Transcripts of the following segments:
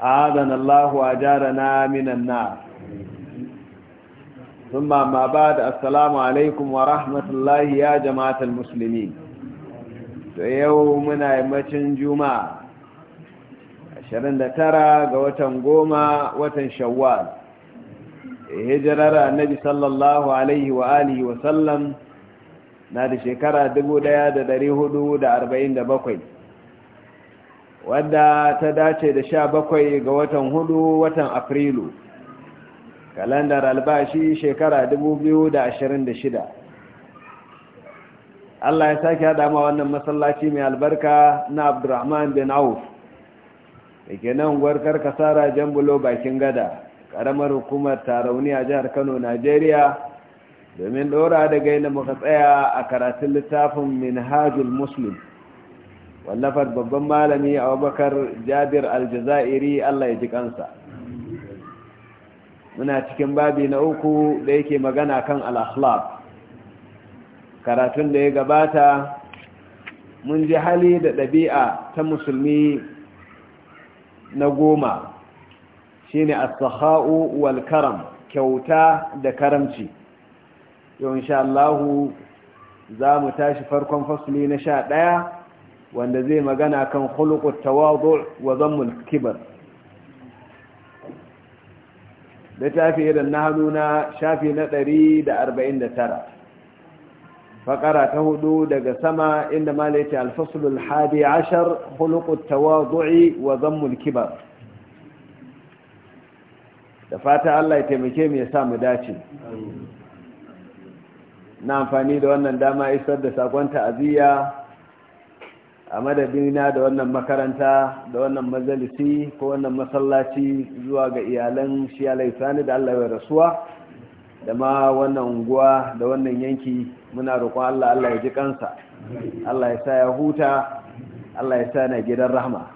adana Allah wa jarana minan na sun mamma ba assalamu alaikum wa rahmatullahi ya jama'atul musulmi to yau muna macin juma'a 29 ga watan goma watan shawwal hijirar annabi sallallahu alaihi wa alihi wa sallam na da shekara 1447 wadda ta dace da sha bakwai ga watan hudu watan afrilu kalandar albashi shekara da da ashirin shida. Allah ya sake haɗa ma wannan masallaci mai albarka na abdurrahman bin auf da ke nan gwarkar kasara Bulo bakin gada ƙaramar hukumar tarauni a jihar kano najeriya domin ɗora da gaina muka tsaya a karatun littafin minhajul muslim wallafar babban malami abubakar jabir aljazairi allah ya ji kansa muna cikin babi na uku da yake magana kan al'akhlaq karatun da ya gabata mun ji hali da ɗabi'a ta musulmi na goma shine as-sakha'u wal kyauta da karamci yau insha Allahu za mu tashi farkon fasli na sha ɗaya wanda zai magana kan khuluqut tawadu wa dhammul kibar littafi irin na hannu na shafi na 149 faƙara ta hudu daga sama inda malaita alfasulul hadi ashar khuluqut tawadu'i wa dhammul kibar da fata Allah ya taimake mu ya sa mu dace na amfani da wannan dama isar da sakon ta'aziyya a madadina da wannan makaranta da wannan majalisi ko wannan masallaci zuwa ga iyalan shi Sani da allah ya rasuwa da ma wannan unguwa da wannan yanki muna roƙon allah allah ya ji kansa allah ya sa ya huta allah ya sa na gidan rahma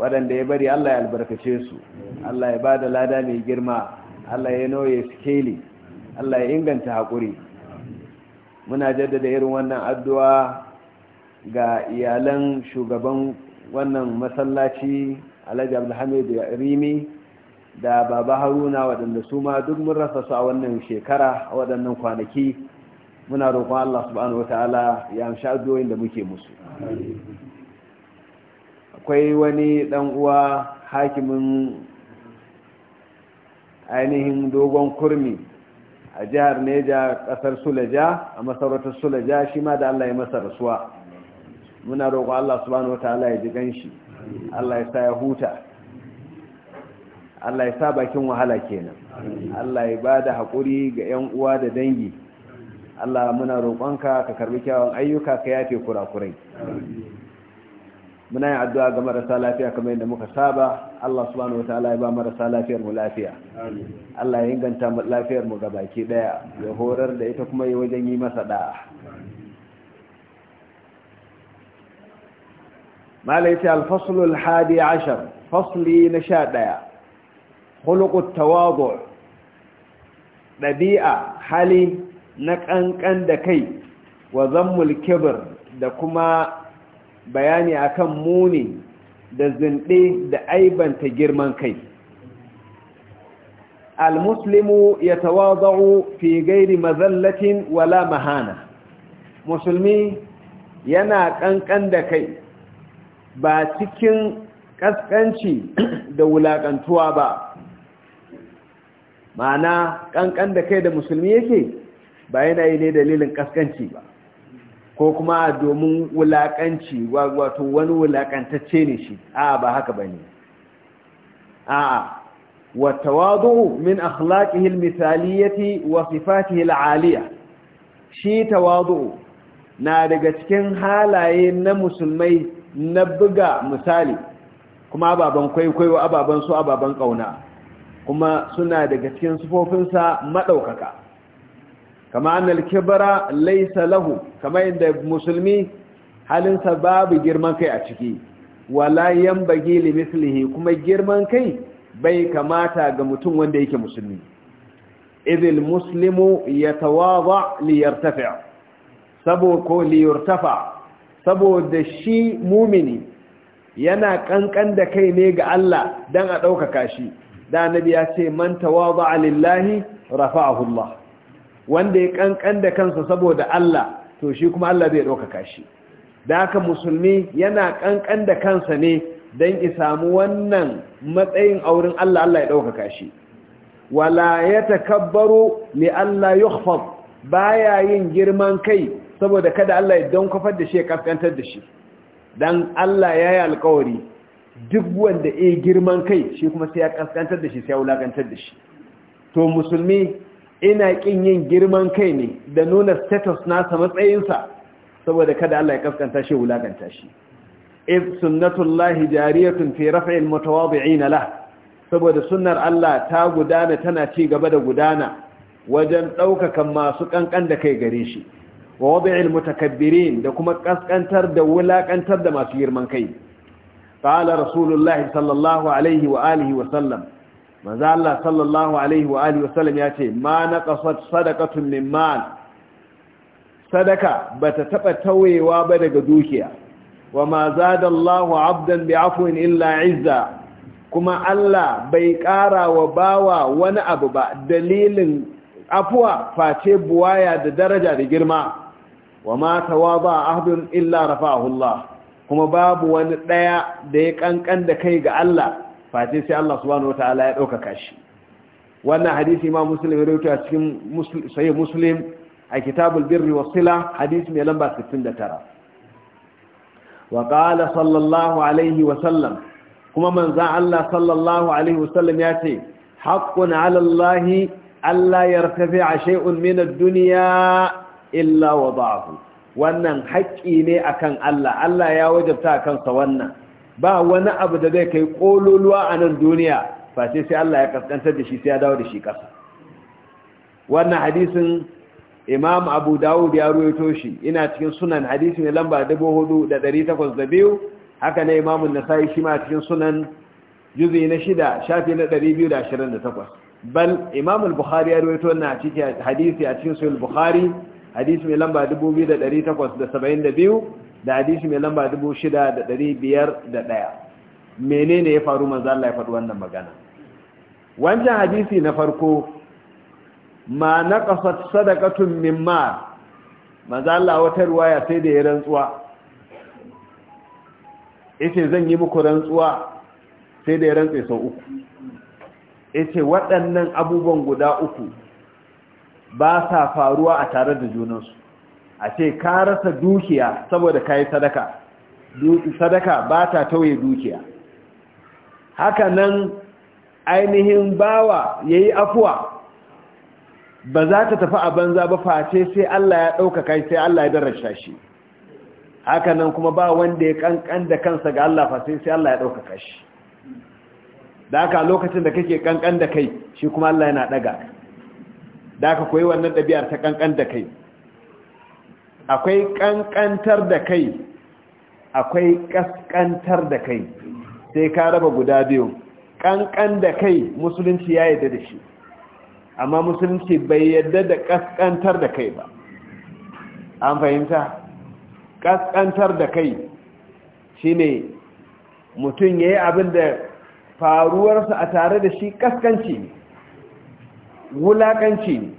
waɗanda ya bari allah ya albarkace su allah ya ba lada mai girma allah ya noye sikeli allah ya inganta haƙuri muna jaddada irin wannan addu'a ga iyalan shugaban wannan masallaci alhaji abdulhamid rimi da baba haruna waɗanda su ma duk mun rasa su a wannan shekara a waɗannan kwanaki muna roƙon allah subhanahu wataala ya amsha addu'o'in da muke musu akwai wani ɗan uwa hakimin ainihin dogon kurmi a jihar neja ƙasar sulaja a masarautar sulaja shi ma da allah ya masa rasuwa muna roƙo Allah subhanahu wataala ya ji ganshi Allah ya sa ya huta Allah ya sa bakin wahala kenan Allah ya da haƙuri ga 'yan uwa da dangi Allah muna roƙonka ka karbi kyawun ayyuka ka yafe kurakurai muna yin addu'a ga marasa lafiya kamar yadda muka saba Allah subhanahu wataala ya ba marasa lafiyar mu lafiya Allah ya inganta lafiyar mu ga baki daya ya horar da ita kuma ya wajen yi masa da'a mala yace al-faslul hadi ashar fasli na sha ɗaya khuluqut tawadu' ɗabi'a hali na ƙanƙan da kai wa zammul da kuma bayani akan muni da zinɗe da aibanta girman kai almuslimu ya tawaza'u fi gairi mazallatin wala mahana musulmi yana ƙanƙan da kai ba cikin ƙasƙanci da wulaƙantuwa ba ma'ana ƙanƙan da kai da musulmi yake ba yana yi ne dalilin ƙasƙanci ba ko kuma domin wulaƙanci wato wani wulaƙantacce ne shi a ba haka ba ne a watawazu min akhlaqihi almithaliyati wa sifatihi alaliya shi tawadu'u na daga cikin halaye na musulmai na buga misali kuma ababen kwaikwayo ababen su ababen ƙauna kuma suna daga cikin sufofinsa maɗaukaka kama annal kibara laisa lahu kama inda musulmi halinsa babu girman kai a ciki wala yambagi li mislihi kuma girman kai bai kamata ga mutum wanda yake musulmi idil muslimu yatawadha li yartafi sabo ko li yartafa saboda shi mumini yana kankan da kai ne ga Allah dan a ɗaukaka shi da nabi ya ce man tawada'a lillahi rafa'ahu Allah wanda ya kankan da kansa saboda Allah to shi kuma Allah zai ɗaukaka shi da haka musulmi yana kankan da kansa ne don ki samu wannan matsayin aurin Allah Allah ya ɗaukaka shi wala ya takabbaru li Allah yukhfad baya yin girman kai saboda kada Allah ya don kwafar da shi ya kaskantar da shi don Allah ya yi alkawari duk wanda ya girman kai shi kuma sai ya kaskantar da shi sai ya wulakantar da shi to musulmi ina ƙin yin girman kai ne da nuna status nasa matsayinsa saboda kada Allah ya kaskanta shi wulakanta shi iz sunnatullahi jariyatun fi raf'il mutawadi'ina lah saboda sunnar Allah ta gudana tana ci gaba da gudana wajen ɗaukaka masu kankan da kai gare shi wa wada'il mutakabbirin da kuma ƙasƙantar da wulaƙantar da masu girman kai qala rasulullahi sallallahu alaihi wa alihi wa sallam manzo sallallahu alaihi wa alihi wa sallam yace ma naqasat sadaqatun min mal sadaka bata taɓa tawewa ba daga dukiya wa ma zada Allahu 'abdan bi'afwin illa 'izza kuma Allah bai ƙara wa bawa wani abu ba dalilin afuwa face buwaya da daraja da girma wa ma tawaba ahdun illa rafa'ahu Allah kuma babu wani daya da ya kankan da kai ga Allah face sai Allah subhanahu wataala ya dauka kashi. wannan hadisi ma muslim rawaito a cikin sahih muslim a kitabul birri was sila hadisi mai lamba 69 wa qala sallallahu alaihi wa sallam kuma manzon Allah sallallahu alaihi wa sallam ya ce haqqun ala Allah alla yartafi'a shay'un min ad-dunya illa wa wada'ahu wannan haƙƙi ne akan Allah Allah ya wajabta kansa wannan ba wani abu da zai kai kololuwa a nan duniya face sai Allah ya kaskantar da shi sai ya dawo da shi ƙasa wannan hadisin imam abu dawud ya ruwaito shi ina cikin sunan hadisi ne lamba 4802 haka ne imam an-nasai shi ma cikin sunan juzi na shida shafi na 228 bal imam al-bukhari ya ruwaito wannan hadisi a cikin sahih al-bukhari hadisi mai lamba 2872 da hadisi mai lamba 6501 menene ya faru manzo Allah ya faɗi wannan magana wancan hadisi na farko ma naqasat sadaqatun mimma manzo Allah wata ruwaya sai da ya rantsuwa yace zan yi muku rantsuwa sai da ya rantsa sau uku yace waɗannan abubuwan guda uku ba sa faruwa a tare da junansu a ce ka rasa dukiya saboda ka yi sadaka sadaka ba ta tauye dukiya haka nan ainihin bawa ya yi afuwa ba za ta tafi a banza ba face sai Allah ya ɗaukaka sai Allah ya darasha shi haka nan kuma ba wanda ya kankan da kansa ga Allah face sai Allah ya ɗaukaka shi da haka lokacin da kake kankan da kai shi kuma Allah yana ɗaga da aka koyi wannan ɗabi'ar ta ƙanƙan da kai akwai ƙanƙantar da kai akwai ƙasƙantar da kai sai ka raba guda biyu Ƙanƙan da kai musulunci ya yarda da shi amma musulunci bai yarda da ƙasƙantar da kai ba an fahimta ƙasƙantar da kai shine mutum ya yi abin da faruwarsa a tare da shi ƙasƙanci ne wulaƙanci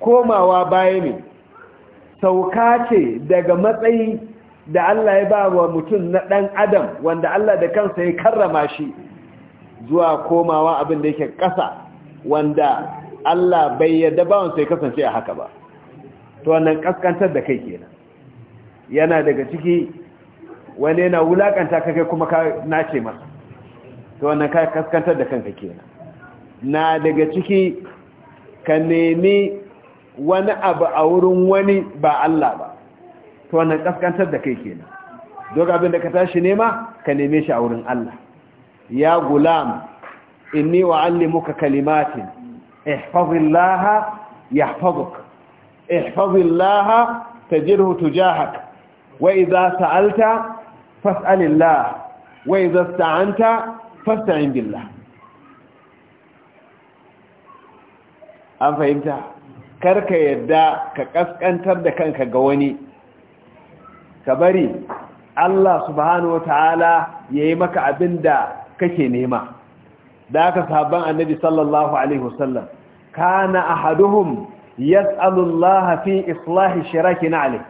komawa baya ne sauka ce daga matsayi da Allah ya ba wa mutum na ɗan adam wanda Allah da kansa ya karrama shi zuwa komawa abin da yake ƙasa wanda Allah bai yadda bawansa ya kasance a haka ba to wannan ƙaskantar da kai kenan yana daga ciki wani yana wulaƙanta kai kuma ka nace masa to wannan ka kaskantar da kanka kenan na daga ciki ka nemi wani abu a wurin wani ba Allah ba to wannan kaskantar da kai kenan duk abin da ka tashi nema ka neme shi a wurin Allah ya gulam inni wa'allimuka kalimatin ihfazillaha yahfazuk ihfazillaha tajirhu tujahak wa idza sa'alta fas'alillah wa idza ista'anta fasta'in billah an fahimta Kar ka yadda ka kaskantar da kanka ga wani ka bari Allah subhanahu wata'ala ya yi maka abin da kake nema da aka sabon annabi sallallahu alaihi wasallam kana ahaduhum yas'alullaha fi islahi shiraki na'li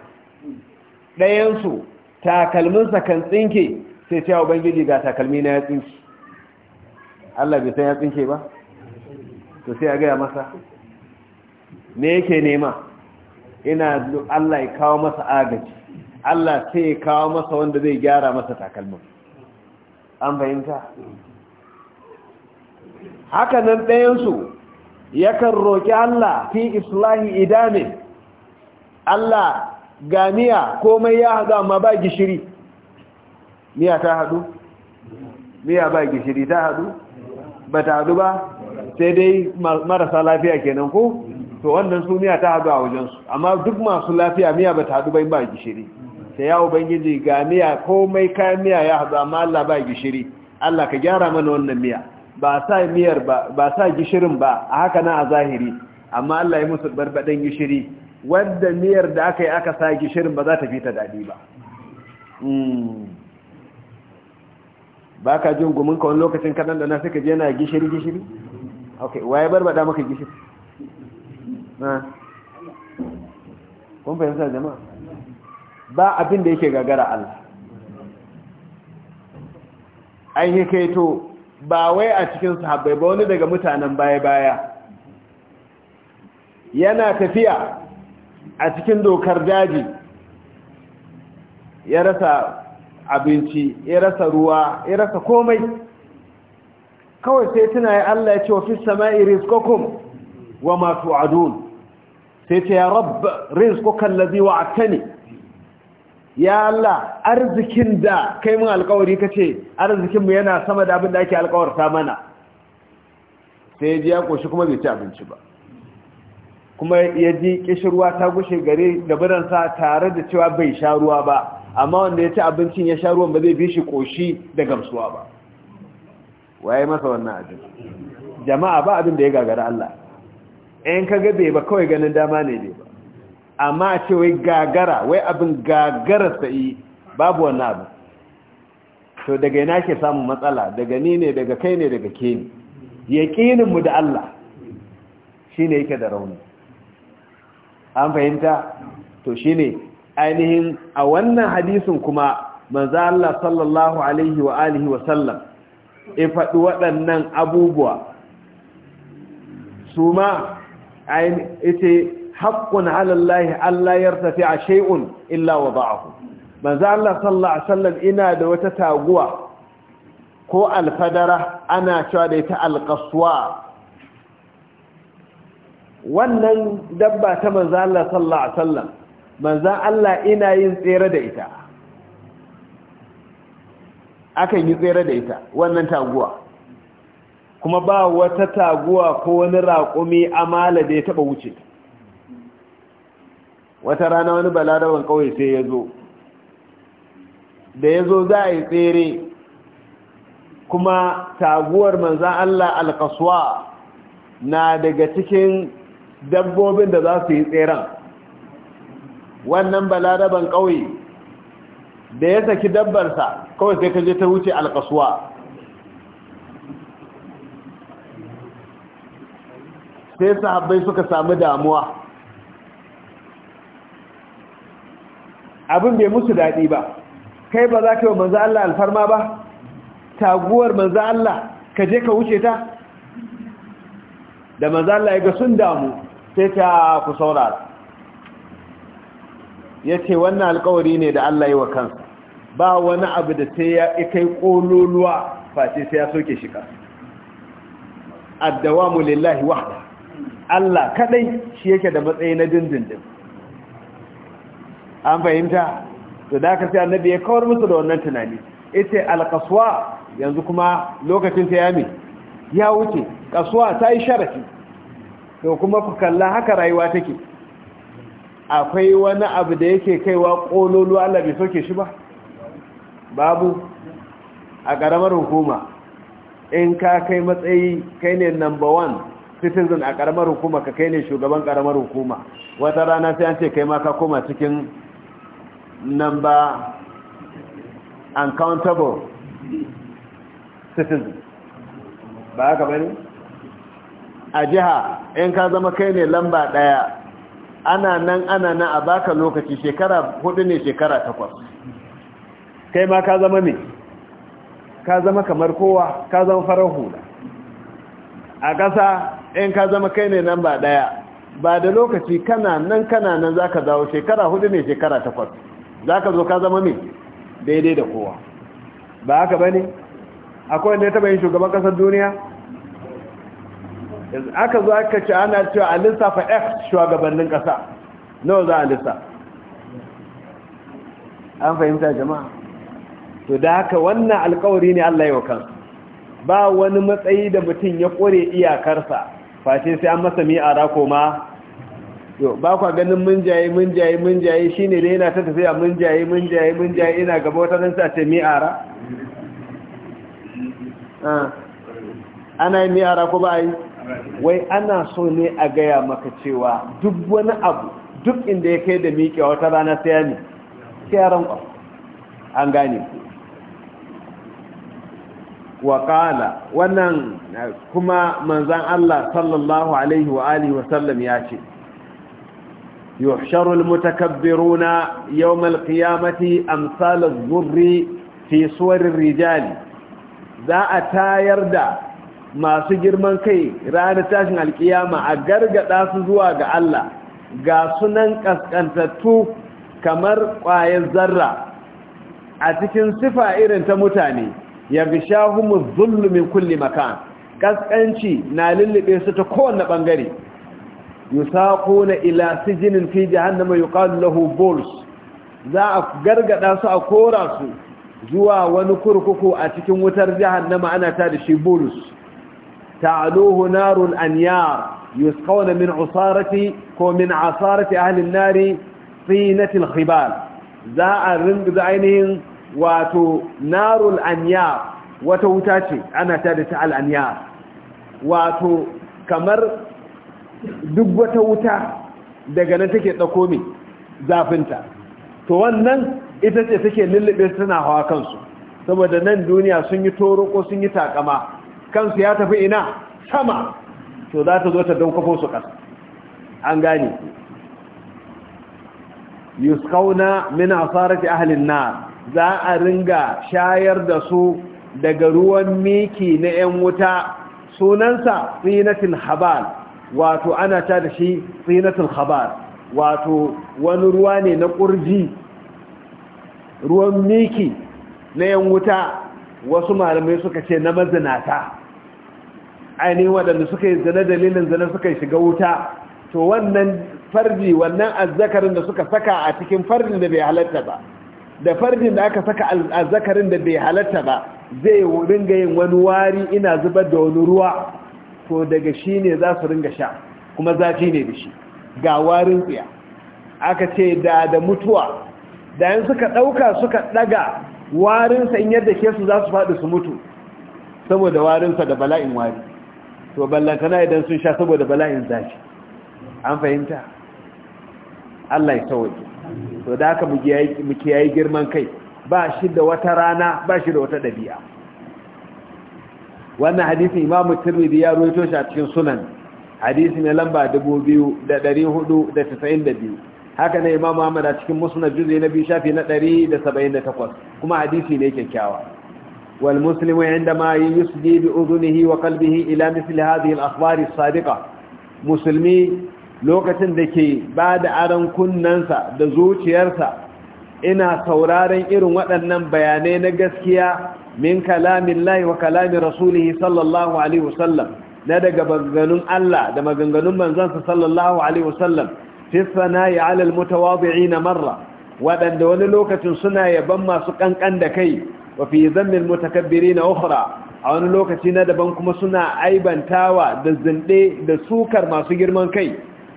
dayan su takalminsa kan tsinke sai cewa ubangiji ga takalmi na ya tsinke Allah bai san ya tsinke ba to sai a gaya masa me yake nema ina Allah ya kawo masa agaji Allah sai ya kawo masa wanda zai gyara masa takalmin an fahimta haka nan ɗayansu yakan roƙi Allah fi islahi idame Allah ga miya komai ya haɗu amma ba gishiri miya ta haɗu miya ba gishiri ta haɗu ba ta haɗu ba sai dai marasa lafiya kenan ko to wannan su miya ta hadu a wajensu amma duk masu lafiya miya ba ta hadu bai ba gishiri ta yawo bangiji ga miya komai kayan miya ya hadu amma Allah ba gishiri Allah ka gyara mana wannan miya ba sa miyar ba ba sa gishirin ba a haka na a zahiri amma Allah ya musu barbadan gishiri wanda miyar da aka yi aka sa gishirin ba za ta fita dadi daɗi ba hmm. ba ka jin gumin ka wani lokacin kaɗan da na suka je na gishiri gishiri ok waye barbada maka gishiri kun fahimta jama'a ba abin da yake gagara Allah an yi kaito ba wai a cikin sahabbai ba wani daga mutanen baya-baya yana tafiya a cikin dokar daji ya rasa abinci ya rasa ruwa ya rasa komai kawai sai tuna Allah ya ce wa fi sama'i rizqakum wa masu tu'adun sai ce ya rabb rizqukan ladhi wa'atani ya Allah arzikin da kai mun alƙawari kace arzikin mu yana sama da abin da ake alƙawarta mana sai ya ji ya koshi kuma bai ci abinci ba kuma ya ji kishirwa ta gushe gare da biransa tare da cewa bai sha ruwa ba amma wanda ya ci abincin ya sha ruwan ba zai bi shi koshi da gamsuwa ba waye masa wannan abin jama'a ba abin da ya gagara Allah ‘yan ka ga bai ba kawai ganin dama ne bai ba amma a ce wai gagara wai abin gagara sa'i babu wannan abu to daga yana ke samun matsala daga ni ne daga kai ne daga ke ne yaƙininmu da Allah shi ne yake da rauni an fahimta to shi ne ainihin a wannan hadisin kuma manza Allah sallallahu alaihi wa alihi wa sallam in faɗi waɗannan abubuwa su ma ayin ita haƙƙun alallahi Allah ya tafi a shay'un illa wa ba'ahu manzo Allah sallallahu alaihi ina da wata taguwa ko alfadara ana cewa da ita alqaswa wannan dabba ta manzo Allah sallallahu alaihi wasallam Allah ina yin tsere da ita akan yi tsere da ita wannan taguwa kuma ba wata taguwa ko wani raƙumi amala da ya taɓa wuce wata rana wani balaraban kawai sai ya zo da ya zo za a yi tsere kuma taguwar manzan Allah alkaswa na daga cikin dabbobin da za su yi tseren wannan balaraban kawai da ya saki dabbarsa kawai sai ka je ta wuce alkaswa sai sahabbai suka samu damuwa abin bai musu daɗi ba kai ba za ka yi wa Manza Allah alfarma ba taguwar Manza Allah ka je ka wuce ta da Manza Allah ya ga sun damu sai ta ku saurara ce wannan alkawari ne da Allah ya wa kansa ba wani abu da sai ya kai ƙololuwa face sai ya soke shiga. addawa addawamu lillahi wahda Allah kaɗai shi yake da matsayi na dindindin an fahimta to da aka sai annabi ya kawar musu da wannan tunani ita alkaswa yanzu kuma lokacin ta yami ya wuce kaswa ta yi sharafi to kuma ku kalla haka rayuwa take akwai wani abu da yake kaiwa kololo Allah bai soke shi ba babu a ƙaramar hukuma in ka kai matsayi kai ne number one citizen a karamar hukuma ka kai ne shugaban karamar hukuma wata rana sai an ce kai ma ka koma cikin number uncountable citizen ba haka bane a jiha in ka zama kai ne lamba daya ana nan ana nan a baka lokaci shekara hudu ne shekara takwas kai ma ka zama ne ka zama kamar kowa ka zama farar hula a ƙasa in ka zama kai ne nan ba ɗaya ba da lokaci kana nan kana nan za ka zawo shekara hudu ne shekara takwas za ka zo ka zama mai daidai da kowa ba haka ba ne akwai wanda ya taba yin shugaban kasar duniya aka zo aka ce ana cewa a lissafa x shugabannin kasa nawa za a lissa? an fahimta jama'a to da haka wannan alkawari ne allah yi wa kansu ba wani matsayi da mutum ya kore iyakarsa fashe sai an masa mi'ara koma yau ba kwa ganin mun jaye mun jaye mun jaye shi ne da yana ta tafiya mun jaye mun jaye mun jaye ina gaba wata nan sa ce mi'ara ah, ana yi mi'ara ko ba yi wai ana so ne a gaya maka cewa duk wani abu duk inda ya kai da miƙe wata rana sai ya ne sai ya rankwa an gane ku waƙala wannan kuma manzan Allah sallallahu Alaihi wa’alihi wasallam ya ce, Yohsharul mutakabbiruna yau malƙiyamati amsalin zurri fi suwarin rijali, za a tayar da masu girman kai ranar tashin alƙiyama a gargada su zuwa ga Allah ga sunan ƙasƙantattu kamar ƙwayan zarra a cikin sifa irin ta mutane. yabshahum adh-dhullu min kulli makan ƙasƙanci na lullube su ta kowanne bangare yusaquna ila sijnin fi jahannama yuqalu lahu buls za a gargada su a kora su zuwa wani kurkuku a cikin wutar jahannama ana ta da shi bulus ta'aluhu narun anyar yusqawna min usarati ko min asarati ahli an-nari sinatil khibal za a rinda ainihin wato narul anya wata wuta ce ana ta ta al'anya wato kamar duk wata wuta daga na take tsako mai zafinta to wannan ita ce take lullube suna hawa kansu saboda nan duniya sun yi toroko sun yi takama kansu ya tafi ina sama to za ta zo ta daukafo su kasa, an gane Yuskauna min asarati ahalin na nar za a ringa shayar da su daga ruwan miki na 'yan wuta sunansa tsinatin habar, wato ana ta da shi tsinatin habar. wato wani ruwa ne na ƙurji ruwan miki na 'yan wuta wasu malamai suka ce na mazinata ainihin waɗanda suka yi zane dalilin zane suka shiga wuta to wannan farji wannan azzakarin da suka saka a cikin farjin da bai halatta ba da farjin da aka saka azzakarin da bai halatta ba zai ringa yin wani wari ina zubar da wani ruwa to daga shi ne za su ringa sha kuma zafi ne da shi ga warin tsaya aka ce da da mutuwa da yin suka ɗauka suka ɗaga warinsa in yadda ke su za su faɗi su mutu saboda warinsa da bala'in wari to ballantana idan sun sha saboda bala'in zafi an fahimta Allah ya tawaje to da haka mu kiyaye girman kai ba shi da wata rana ba shi da wata ɗabi'a wannan hadisin imamu tirmidhi ya ruwaito shi a cikin sunan hadisi na lamba 2492 haka na imamu ahmad a cikin musnad juz'i na biyu shafi na 178 kuma hadisi ne kyakkyawa wal muslimu indama yusji bi udhunihi wa qalbihi ila mithli hadhihi al akhbar as-sadiqa muslimi lokacin da ke ba da aron kunnansa da zuciyarsa ina sauraron irin waɗannan bayanai na gaskiya min kalamin lahi wa kalamin rasulihi sallallahu alaihi wasallam na daga maganganun Allah da maganganun manzansa sallallahu alaihi wasallam na sana'i alal na marra waɗanda wani lokacin suna yaban masu kankan da kai wa fi mutakabbiri na ukhra a wani lokaci na daban kuma suna aibantawa da zinde da sukar masu girman kai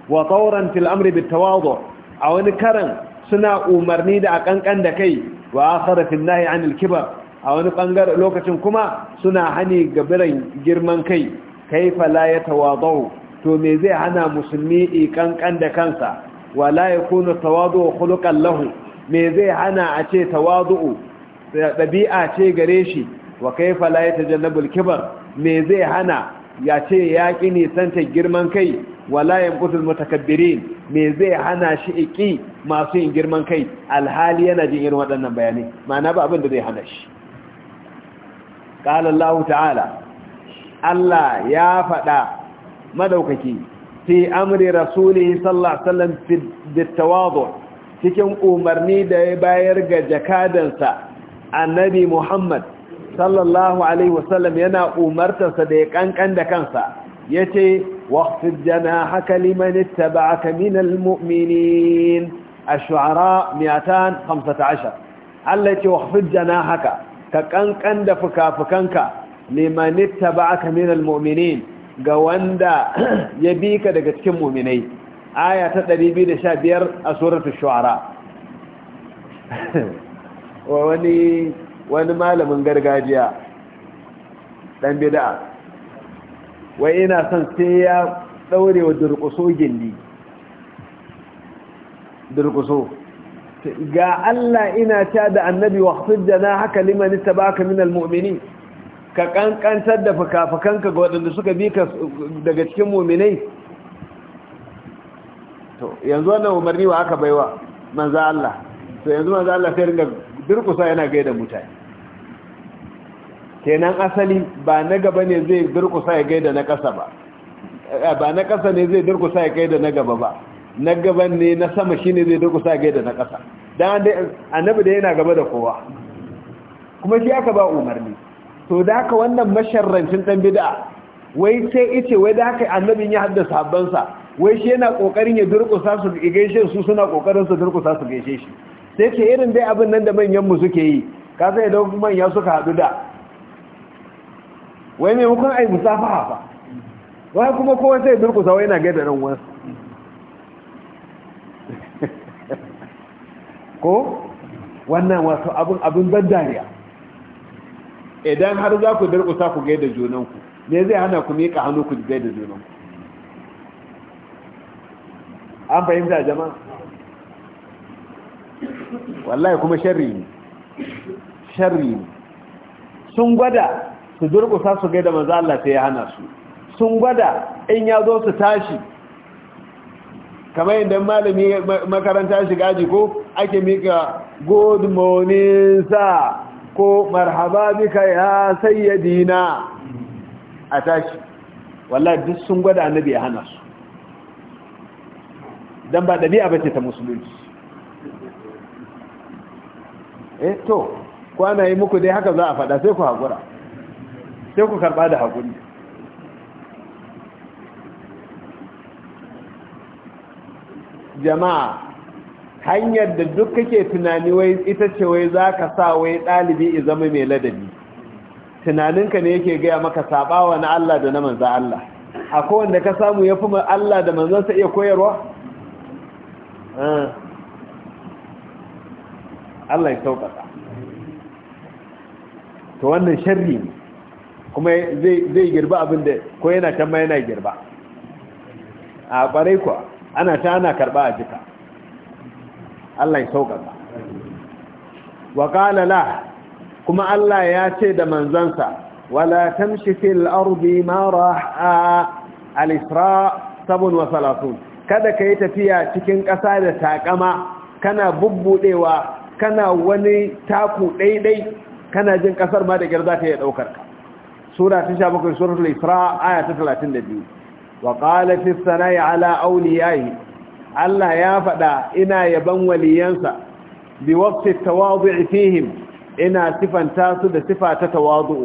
wa tauran fil amri bit a wani karan suna umarni da a kankan da kai wa akhara fil nahi kibar a wani bangare lokacin kuma suna hani ga biran girman kai kaifa la yatawadu to me zai hana musulmi i kankan da kansa wa la yakunu tawadu khuluqan lahu me zai hana a ce tawadu dabi'a ce gare shi wa kaifa la yatajannabul kibar me zai hana ya ce ya ƙi nisanta girman kai wala yin kusur matakabbirin me zai hana shi iki masu yin girman kai alhali yana jin irin waɗannan bayanai ma'ana ba abin da zai hana shi ƙalallahu ta'ala Allah ya faɗa madaukaki fi amri rasulihi sallallahu alaihi cikin umarni da ya bayar ga jakadansa annabi Muhammad sallallahu alaihi wasallam yana umartarsa da ya kankan da kansa ya yace waqfid haka liman ittaba'aka minal mu'minin a shuara 215 Allah yace waqfid haka ka kankan da fuka-fukanka liman ittaba'aka minal mu'minin ga wanda ya bika daga cikin mu'minai aya ta 215 a suratul shu'ara wani wani malamin gargajiya dan bid'a wai ina son sai ya daure wa durkuso gindi durkuso ga Allah ina ta da annabi waqfid na haka liman tabaka min almu'minin ka kankantar da fukafukanka ga waɗanda suka bi ka daga cikin mu'minai to yanzu wannan umarni wa aka baiwa manzo Allah to yanzu manzo Allah sai ringa durkusa yana gaida mutane kenan asali ba na gaba ne zai durkusa ya gaida na ƙasa ba eh, ba na ƙasa ne zai durkusa ya gaida na gaba ba na gaba ne na sama shi ne zai durkusa ya gaida na ƙasa dan annabi da yana gaba da kowa kuma shi aka ba umarni to da haka wannan masharrancin dan bid'a wai sai ice wai da haka annabin ya haddasa habbansa wai shi yana kokarin ya durkusa su gaishe su suna kokarin su durkusa su gaishe shi sai ce irin dai abin nan da manyan mu suke yi ka sai da manya suka haɗu da wai mai hukun ai musafaha ba wai kuma kowa sai durkusa wai yana gaida ran wasu ko wannan wasu abin abin ban dariya idan har za ku durkusa ku gaida junanku ne zai hana ku miƙa hannu ku gaida junanku an fahimta jama'a wallahi kuma sharri ne sharri ne sun gwada su durkusa su gaida manzo Allah sai ya hana su sun gwada in ya zo su tashi kamar yadda malami makaranta shiga ji ko ake mika good morning sa ko marhaba bika ya sayyadina a tashi wallahi duk sun gwada annabi ya hana su dan ba dabi'a bace ta musulunci eh to kwana yi muku dai haka za a faɗa sai ku haƙura sai ku karba da haƙuri jama'a hanyar da duk kake tunani wai ita ce wai za ka sa wai ɗalibi i zama mai ladabi tunaninka ne yake gaya maka saɓawa na Allah da na manza Allah a kowanda ka samu ya fi Allah da manzansa iya koyarwa? Ah. Allah ya sauƙaƙa to wannan sharri ne kuma zai girba abin da ko yana can ma yana girba a barai kuwa ana ta ana karɓa a jika Allah ya sauƙaƙa wa ƙalala kuma Allah ya ce da manzansa wala tamshi mara a alisra sabon wa 37 kada ka yi tafiya cikin ƙasa da taƙama, kana bubbudewa kana wani taku ɗaiɗai kana jin ƙasar ma da girza za ta iya ɗaukar ka سورة تشابك سورة الإسراء آية 32 وقال في الثناء على أوليائه ألا يا يافد إنا يبن ولينسى بوقت التواضع فيهم إنا صفا تاسد صفا تتواضع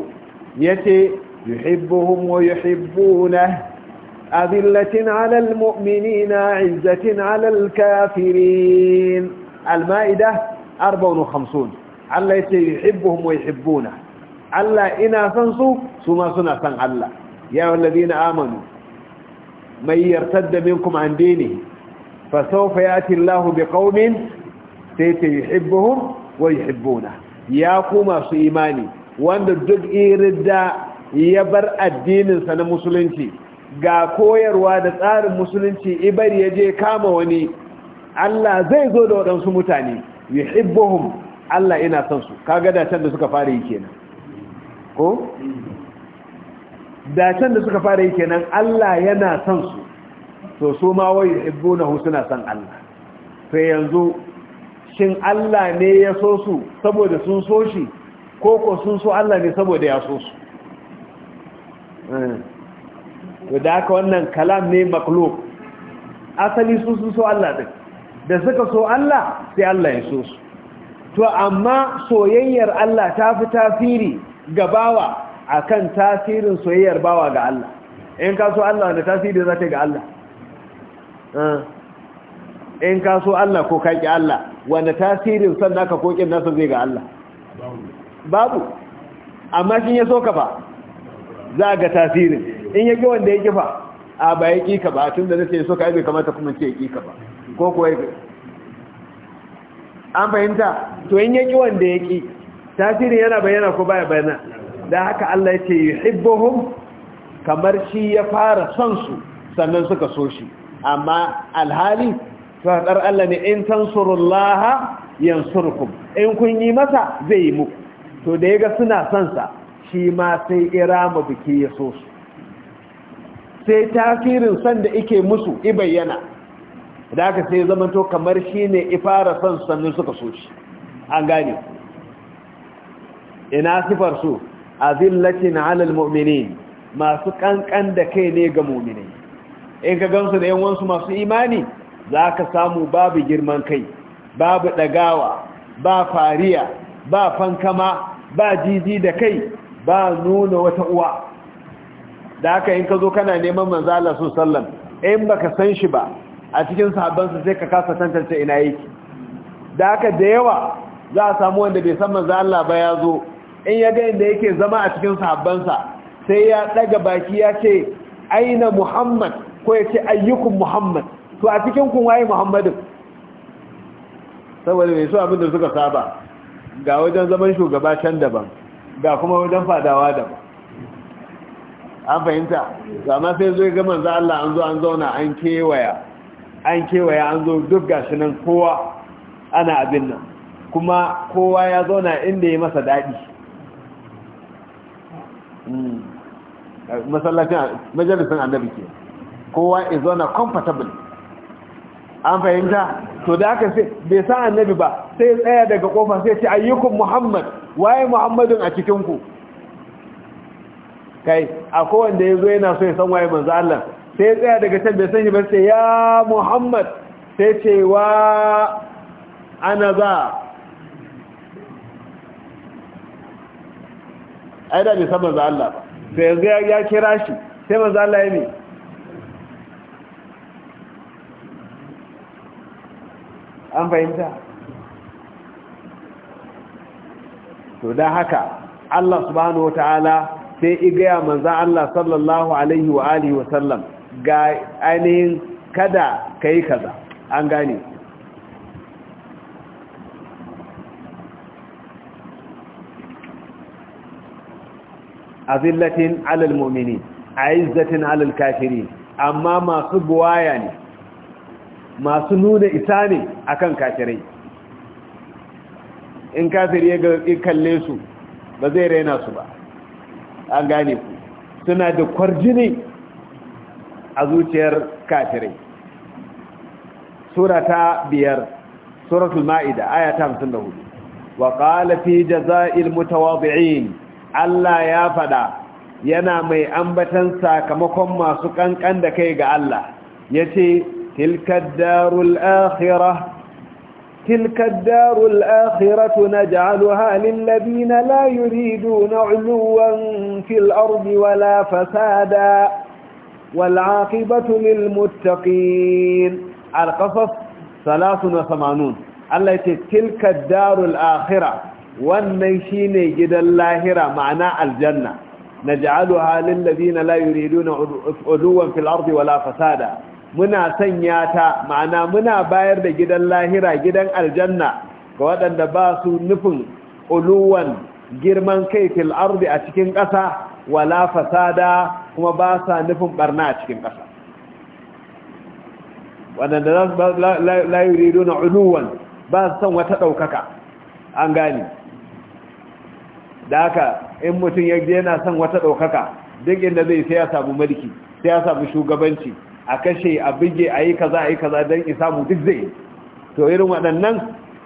يتي يحبهم ويحبونه أذلة على المؤمنين عزة على الكافرين المائدة 54 ألا يتي يحبهم ويحبونه Allah ina son su su ma suna son Allah ya wallazina amanu mai yartadda minkum an dini fa sawfa yati Allahu biqaumin sayuhibbuhum wa yuhibbuna ya ku masu imani wanda duk irin da ya bar addininsa na musulunci ga koyarwa da tsarin musulunci ibar ya je kama wani Allah zai zo da waɗansu mutane yuhibbuhum Allah ina son su kaga da can da suka fara yi kenan ko da can da suka fara yi kenan Allah yana son su to su ma wai ibbunahu suna son Allah sai yanzu shin Allah ne ya so su saboda sun so shi ko ko sun so Allah ne saboda ya so su eh. to da haka wannan kalam ne makhluk asali su sun so Allah din da suka so Allah sai Allah ya so su to amma soyayyar Allah ta fi tasiri ga bawa kan tasirin soyayyar bawa ga Allah in ka so Allah wanda tasiri za ta ga Allah eh. in ka so Allah ko ka Allah wanda tasirin san naka koƙin nasa zai ga Allah babu amma kin ya so ka fa za ga tasirin in ya ƙi wanda ya ƙi ba, a ba ya ƙi ka ba tun da ya so ka bai kamata kuma ce ya ƙi ka ba ko kuwa an fahimta to in ya wanda ya ƙi. tasiri yana bayyana ko baya bayyana da haka Allah ya ce yuhibbuhum kamar shi ya fara son su sannan suka so shi amma alhali fadar Allah ne in tansurullaha yansurkum in kun yi masa zai yi muku to da yaga suna son sa shi ma sai irama biki ya so su sai tasirin san da yake musu i bayyana da haka sai to kamar shine ifara son sannan suka so shi an gane ina sifar su azillatin alal mu'mini masu kankan da kai ne ga mu'mini? in ka gansu da yawansu masu imani za ka samu babu girman kai babu ɗagawa, ba fariya ba fankama ba jiji da kai ba nuna wata uwa da haka in ka zo kana neman manzala su sallan in ba ka san shi ba a cikin sahabbansa sai ka kasa tantance ina yake da haka da yawa za a samu wanda bai san manzala ba ya zo in ya ga da yake zama a cikin sahabbansa sai ya daga baki ya ce aina muhammad ko ya ce ayyukun muhammad to a cikin kun waye muhammadin saboda mai so abin da suka saba ga wajen zaman shugaba can daban ga kuma wajen fadawa daban an fahimta zama sai zai gama za Allah an zo an zauna an kewaya an kewaya an zo duk gashi nan kowa ana abin nan kuma kowa ya zauna inda ya masa daɗi Hmm. masallacin majalisun annabi ke kowa is na comfortable an fahimta to da aka sai bai san annabi ba sai tsaya daga kofa sai ce ayyukun muhammad waye muhammadun a cikin ku kai kowanda ya zo yana so ya san waye manzo Allah sai tsaya daga can bai san shi ba sai ya muhammad sai ce wa ana za ai da bai san manzo Allah ba sai yanzu ya kira shi sai manzo Allah ya ne an fahimta to da haka Allah subhanahu wataala sai igaya manzo Allah sallallahu alaihi wa alihi wa sallam ga ainihin kada kai kaza an gane azillatin alal mumini aizzatin alal kafiri, amma masu buwaya ne masu nuna isa ne akan kafirai in kafiri ya kalle su ba zai raina su ba an gane ku suna da kwarjini a zuciyar kafirai sura ta biyar suratul ma'ida aya ta 54 wa qala fi jazaa'il mutawadhi'in Allah ya faɗa yana mai ambatan sakamakon masu ƙanƙan da kai ga Allah ya ce tilkar darul akhiratu na jalu halin labina layuri duna ulowar fil arbi wala fasada wal'aƙibatu lil mutaƙin alƙasas 380 Allah ya ce tilkar darul akhiratu wannan shi ne gidan lahira ma'ana aljanna naj'aluha lil ladina la yuriduna uluwan fil ardi wala fasada muna sanya ta ma'ana muna bayar da gidan lahira gidan aljanna ga waɗanda ba su nufin uluwan girman kai fil'arfi a cikin ƙasa wala fasada kuma ba sa nufin ɓarna a cikin ƙasa waɗanda la yuriduna uluwan ba su san wata ɗaukaka an gani da haka in mutum ya yana son wata ɗaukaka duk inda zai sai ya samu mulki sai ya samu shugabanci a kashe a bige a yi kaza a yi kaza don mu duk zai to irin waɗannan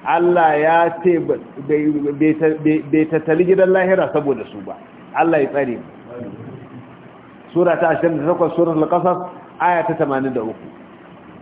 Allah ya ce bai tattali gidan lahira saboda su ba Allah ya tsare sura ta 28 surar aya ta 83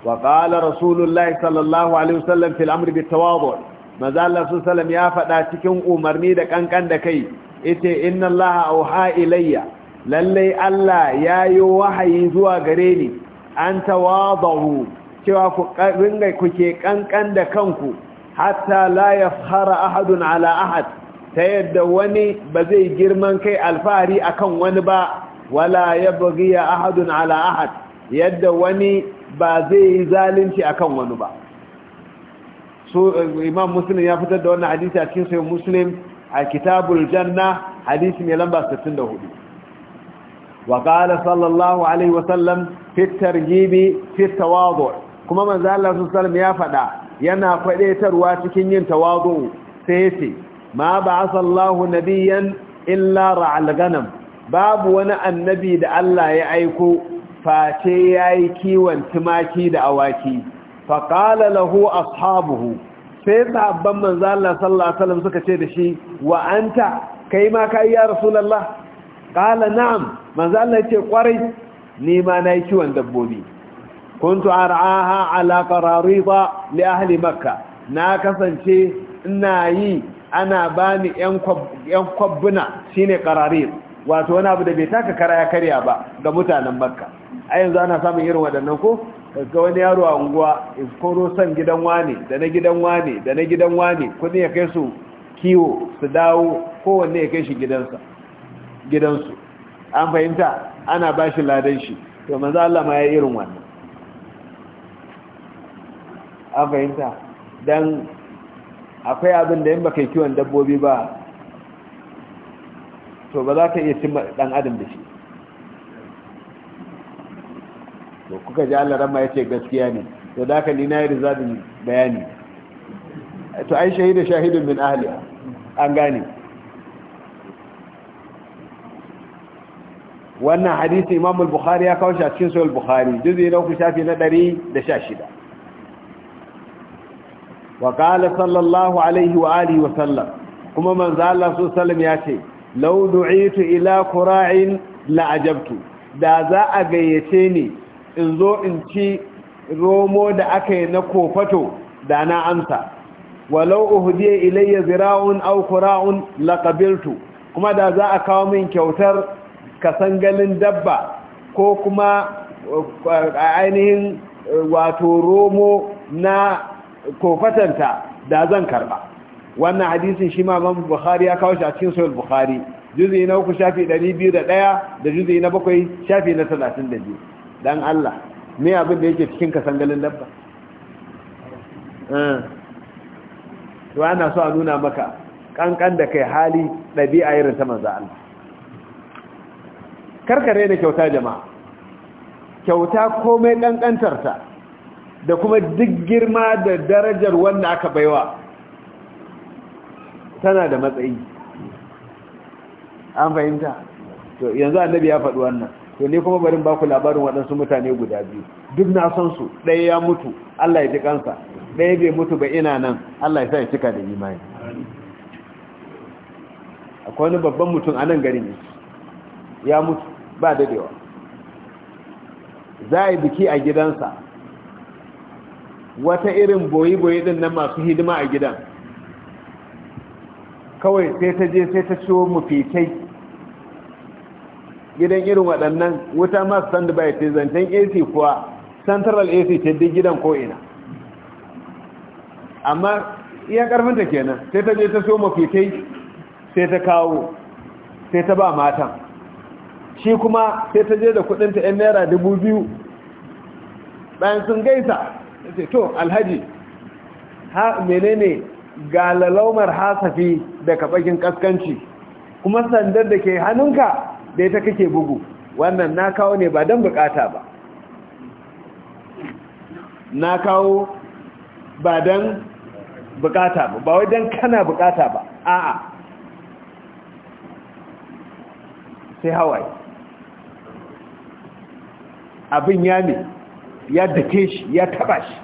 wa qala rasulullahi sallallahu alaihi wasallam fil amri bit tawadhu maza Allah su salam ya faɗa cikin umarni da ƙanƙan da kai ita inna Allah auha ilayya lallai Allah ya yi wahayi zuwa gare ni an tawadahu cewa ku ringa kuke ƙanƙan da kanku hatta la yafhara ahadun ala ahad ta yadda wani ba zai girman kai alfahari akan wani ba wala ya ahadun ala ahad yadda wani ba zai yi zalunci akan wani ba Eh, imam muslim ya fitar da wannan hadisi a cikin sai muslim a kitabul janna hadisi mai lamba 64 wa qala sallallahu alaihi wa sallam fi targhib fi tawadu kuma manzo Allah sallallahu ya faɗa yana kwadaitarwa cikin yin tawadu sai sai ma ba'atha Allahu nabiyyan illa ra'al ganam babu wani annabi da Allah ya aiko face yayi kiwon tumaki da awaki faƙala lahu ashabuhu sai sahabban Manzala Allah sallallahu alaihi wasallam suka ce da shi wa anta kai ma kai ya rasulallah ƙala na'am manzo Allah ce kwarai ni ma nayi kiwon dabbobi kuntu ar'aha ala qararida li ahli makka na kasance ina yi ana bani yan kwabbuna shine qararid wato wani abu da bai taka kara ya karya ba ga mutanen makka a yanzu ana samun irin waɗannan ko ga wani yaro a unguwa koro son gidan wane da na gidan wane da na gidan wane kudin ya kai su kiwo su dawo kowanne ya kai shi gidansu an fahimta ana ba shi ladan shi to maza Allah ma ya irin wannan an fahimta don akwai abin da yin baka kiwon dabbobi ba to ba za ka iya cin dan adam da shi to kuka ji Allah rama ya ce gaskiya ne to da haka ni na yi rizabin bayani to ai shahida shahidun min ahliya an gane wannan hadisi imam al-bukhari ya kawo shi a cikin sahih al-bukhari juzi na uku shafi na ɗari da 116 wa qala sallallahu alaihi wa alihi wa sallam kuma manzo Allah sallallahu alaihi ya ce law du'itu ila qura'in la ajabtu da za a gayyace ni in zo in ci romo da aka yi na kofato da na amsa walau uhudiya ilayya zira'un au kura'un laqabiltu kuma da za a kawo min kyautar kasangalin dabba ko kuma eh, ainihin eh, wato romo na kofatanta da zan karba wannan hadisin shi ma Imam Bukhari ya kawo shi a cikin Sahih Bukhari juzi na uku shafi 201 da juzi na bakwai shafi na 32 dan Allah me abin da yake cikin kasangalin dabba eh. to ana so a nuna maka kankan da kai hali ɗabi'a irin ta manzo Allah karkare ne kyauta jama'a kyauta komai kankantarta da kuma duk girma da darajar wanda aka baiwa tana da matsayi an fahimta to yanzu annabi ya faɗi wannan to ne kuma barin baku labarin waɗansu mutane guda biyu duk na son su ɗaya ya mutu Allah ya ji kansa ɗaya bai mutu ba ina nan Allah ya sa ya cika da imani akwai wani babban mutum a nan garin ya mutu ba dadewa za a yi biki a gidansa wata irin boyi-boyi din na masu hidima a gidan kawai sai ta je sai ta ciwo mafitai gidan irin waɗannan wuta masu stand by ce zancen ac kuwa central ac ce duk gidan ko'ina amma iya karfinta kenan sai ta je ta so mafitai sai ta kawo sai ta ba matan shi kuma sai ta je da kudinta 'yan naira dubu biyu bayan sun gaisa ce to alhaji ha menene ga lalaumar hasafi daga bakin kaskanci kuma sandar da ke hannunka da ita kake bugu wannan na kawo ne ba don bukata ba na kawo ba don bukata ba ba wai don kana bukata ba a'a sai hawaye abin ya ne ya dake shi ya taba shi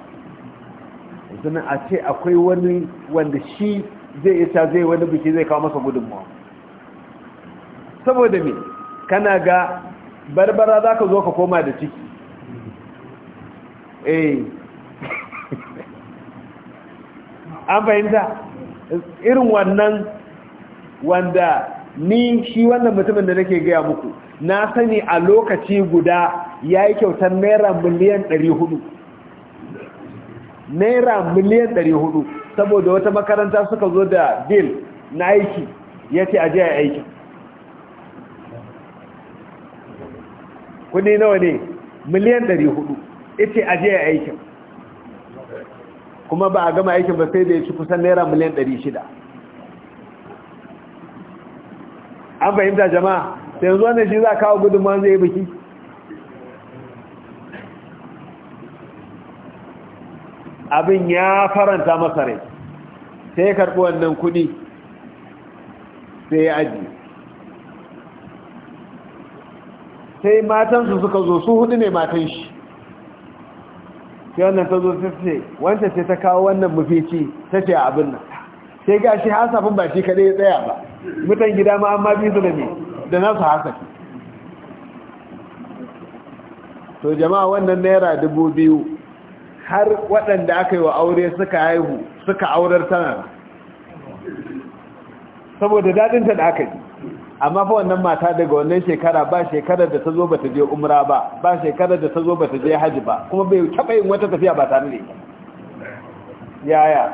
zana a ce akwai wani wanda shi zai isa zai wani biki zai kawo masa gudunmu saboda me kana ga barbara za ka zo ka koma da ciki eh an fahimta irin wannan wanda ni shi wannan mutumin da nake gaya muku na sani a lokaci guda ya yi kyautar naira miliyan 400 naira miliyan 400 saboda wata makaranta suka zo da bil na aiki ya ce ajiya aikin kudi nawa ne miliyan 400 ita aje ya aikin kuma ba a gama aikin ba sai da ya ci kusan naira miliyan 600 an fahimta jama'a sai yanzu wannan shi za a kawo gudunmawa zai yi biki abin ya faranta masa rai sai ya karbi wannan kuɗi sai ya ajiye sai matansu suka zo su hudu ne matan shi sai wannan ta zo ta ce wancan ce ta kawo wannan mafici ta ce abin nan sai ga shi hasafin ba shi kadai ya tsaya ba mutan gida ma amma biyu da ne da nasu hasafi to jama'a wannan naira dubu biyu har waɗanda aka yi wa aure suka haihu suka aurar tana saboda daɗinta da aka yi amma fa wannan mata daga wannan shekara ba shekarar da ta zo ba ta je umra ba ba shekarar da ta zo ba ta je haji ba kuma bai taɓa yin wata tafiya ba tare da ita yaya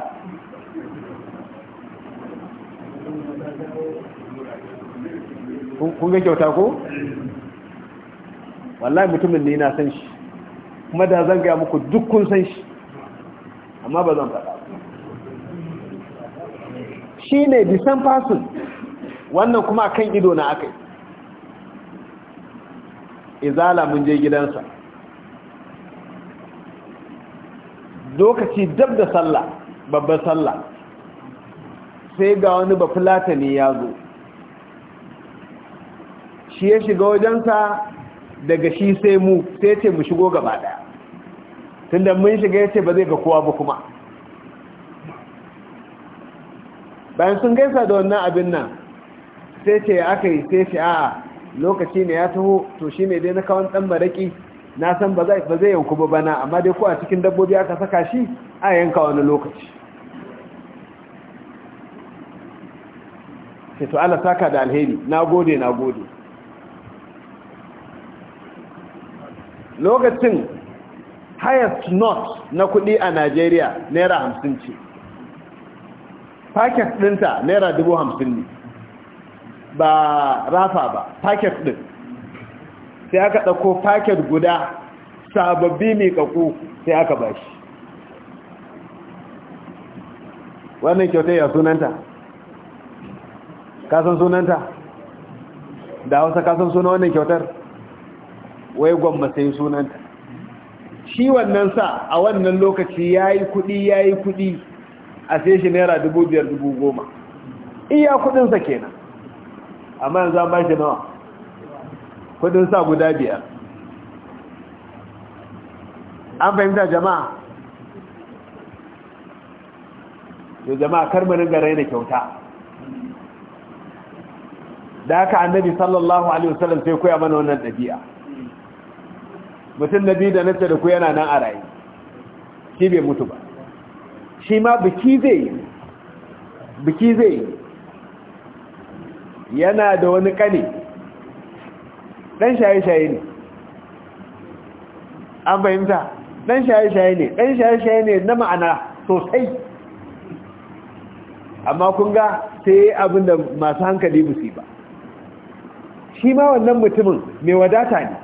kun ga kyauta ko wallahi mutumin ne na san shi kuma da zan gaya muku duk kun san shi amma ba zan faɗa shi ne disan fasun wannan kuma kan ido na aka yi. izala mun je gidansa lokaci dab da sallah babban sallah sai ga wani bafulata ne ya zo shi ya shiga wajensa daga shi sai mu sai ce mu shigo gaba daya tunda mun shiga ya ce ba zai ga kowa ba kuma bayan sun gaisa da wannan abin nan sai ce aka yi sai ce a'a lokaci ne ya taho to shi ne dai na kawon ɗan maraƙi na san ba zai yanku ba bana amma dai ko a cikin dabbobi aka saka shi a yanka wani lokaci sai to ala saka da alheri na gode na gode lokacin highest not na kuɗi a najeriya naira hamsin ce paket ɗinta naira dubu hamsin ne ba rafa ba paket din sai aka ɗauko paket guda sababbi mai kaku sai aka ba shi wannan kyautai ya sunanta kasan sunanta da hausa kasan suna wannan kyautar wai gwamma sai sunanta shi wannan sa a wannan lokaci ya yi kuɗi ya yi kuɗi a sai shi naira dubu biyar dubu goma iya kudinsa kenan amma yanzu an bashi nawa kudin sa guda biyar an fahimta jama'a to jama'a karmarin gare da kyauta da haka annabi sallallahu alaihi wasallam sai koya mana wannan dabi'a mutum nabi da nace da ku yana nan a rayi shi bai mutu ba shi ma biki zai biki zai yana da wani kane dan shaye-shaye ne an fahimta dan shaye-shaye ne dan shaye-shaye ne na ma'ana sosai amma kun ga sai abin da masu hankali musu ba shi ma wannan mutumin mai wadata ne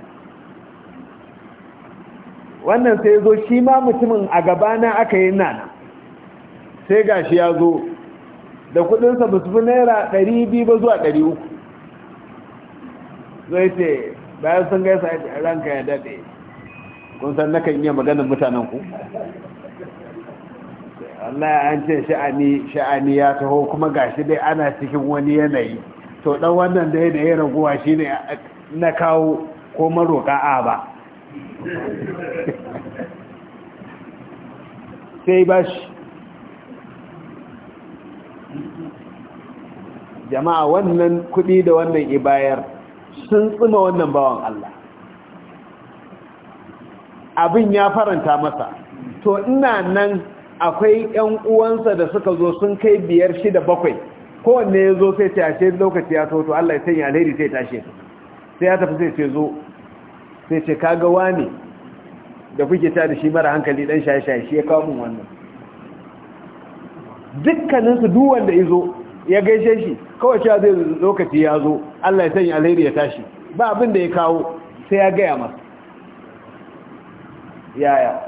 wannan sai zo shi ma mutumin a gabana aka yi nana sai gashi ya zo da kudinsa ba su fi naira 200 ba zuwa 300 zai ce bayan sun gaisa ranka ya daɗe kun san na kan iya maganin mutanen ku Allah an ce sha'ani sha'ani ya taho kuma gashi dai ana cikin wani yanayi to dan wannan da yanayi raguwa shine ne na kawo ko maroka a ba sai bashi jama'a wannan kuɗi da wannan ibayar sun tsima wannan bawan Allah abin ya faranta masa to ina nan akwai ƴan uwansa da suka zo sun kai biyar shida bakwai kowanne ya zo sai tashe lokaci ya to Allah ya sanya alheri sai tashe sai ya tafi sai ce zo sai ce kaga wani da kuke ta da shi mara hankali dan shaye-shaye shi ya kawo mun wannan dukkaninsu duk wanda ya zo ya gaishe shi kawai cewa zai lokaci ya zo Allah ya sanya alheri ya tashi ba abin da ya kawo sai ya gaya masa yaya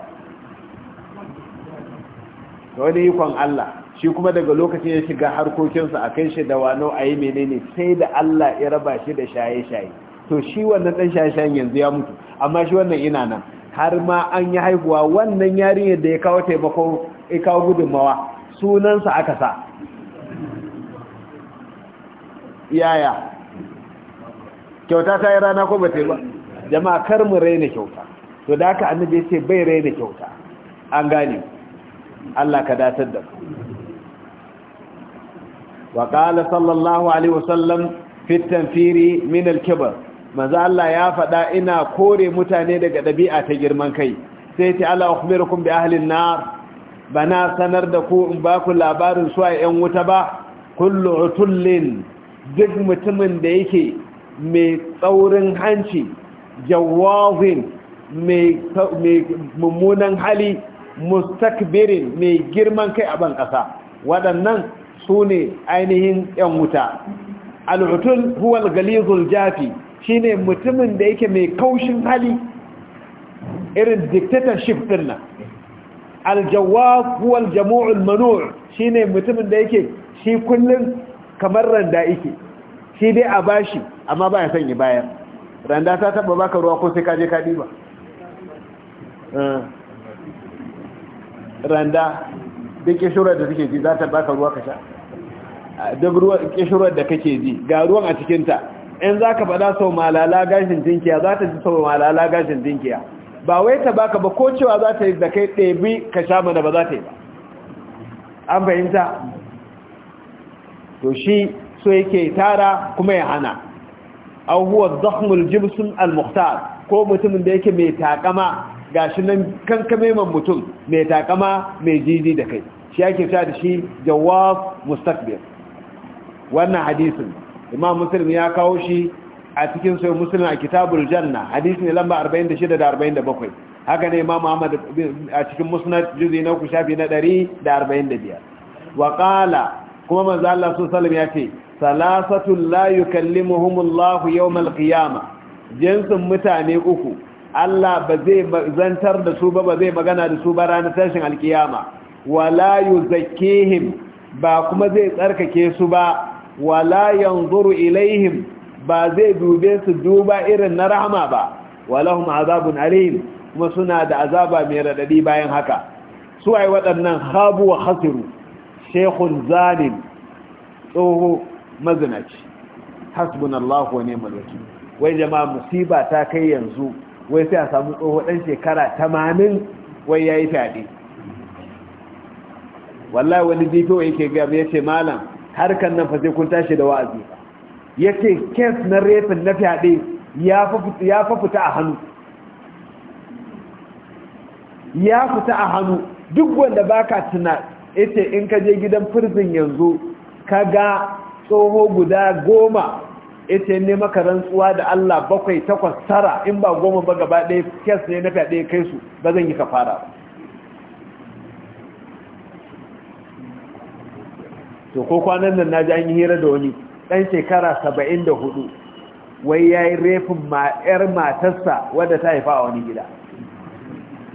wani ikon Allah shi kuma daga lokacin ya shiga harkokinsa a kai shi da wano a yi menene sai da Allah ya raba shi da shaye-shaye to shi wannan dan shaye-shayen yanzu ya mutu amma shi wannan ina nan har ma an yi haihuwa wannan yarinyar da ya kawo taimako ya kawo gudunmawa sunansa aka sa yaya kyauta ta yi rana ko ba ta yi ba jama'a kar mu raina kyauta to da haka annabi ya ce bai raina kyauta an gane Allah ka datar da wa qala sallallahu alaihi wasallam fi tanfiri min al-kibr manzo Allah ya faɗa ina kore mutane daga dabi'a ta girman kai sai ta ala akhbirukum bi ahli an-nar bana sanar da ku in ba ku labarin su a yan wuta ba kullu utullin duk mutumin da yake mai tsaurin hanci jawazin mai mummunan hali mustakbirin mai girman kai a ban ƙasa waɗannan su ne ainihin 'yan wuta al'utun huwal galizul jafi shine mutumin da yake mai kaushin hali irin dictatorship din nan aljawab huwal jamu'ul manu' shine mutumin da yake shi kullun kamar randa ike shi dai a bashi amma ba ya sanya bayan randa ta taba baka ruwa ko sai kaje kaɗi ba eh. randa duk ƙishirar da suke ji za ta baka ruwa ka sha duk ƙishirar da kake ji ga ruwan a cikinta in za ka faɗa sau malala gashin dinkiya za ta ji sau malala gashin dinkiya ba wai ta baka ba ko cewa za ta yi da kai ɗebi ka sha mana ba za ta yi ba an fahimta to shi so yake tara kuma ya hana aw huwa dhakhmul jibsun al muhtar ko mutumin da yake mai takama gashi nan kankame man mutum mai takama mai jiji da kai shi yake ta da shi jawab mustaqbil wannan hadisin imam muslim ya kawo shi a cikin sai muslim a kitabul janna hadisi ne lamba 46 da 47 haka ne imam ahmad a cikin musnad juzi na uku shafi na 145 wa qala kuma manzo Allah su Salim ya ce salasatul la yukallimuhumullahu yawmal qiyama jinsin mutane uku Allah ba zai zantar da su ba ba zai magana da su ba ranar tashin alkiyama wala yuzakkihim ba kuma zai tsarkake su ba wala yanzuru ilaihim ba zai dube su duba irin na rahama ba walahum azabun alim kuma suna da azaba mai radadi bayan haka su ai waɗannan habu wa khasiru shekun zalim tsoho mazinaci hasbunallahu wa ni'mal wakil wai jama'a musiba ta kai yanzu wai sai a samu tsoho ɗan shekara tamanin, wai yayi fyaɗe. wallahi wani dito yake ga ya ce malam harkan nan fa sai kun tashi da wa'azi yace kes na refin na fyaɗe ya fa fita a hannu ya fita a hannu duk wanda baka tuna ita in ka je gidan firzin yanzu ka ga tsoho guda goma ita ne maka rantsuwa da Allah bakwai takwas tara in ba goma ba gaba ɗaya kes ne na fyaɗe kai su ba zan yi ka fara ba to ko kwanan nan na ji an yi hira da wani ɗan shekara saba'in da hudu wai ya yi refin ma'ar matarsa wadda ta haifa a wani gida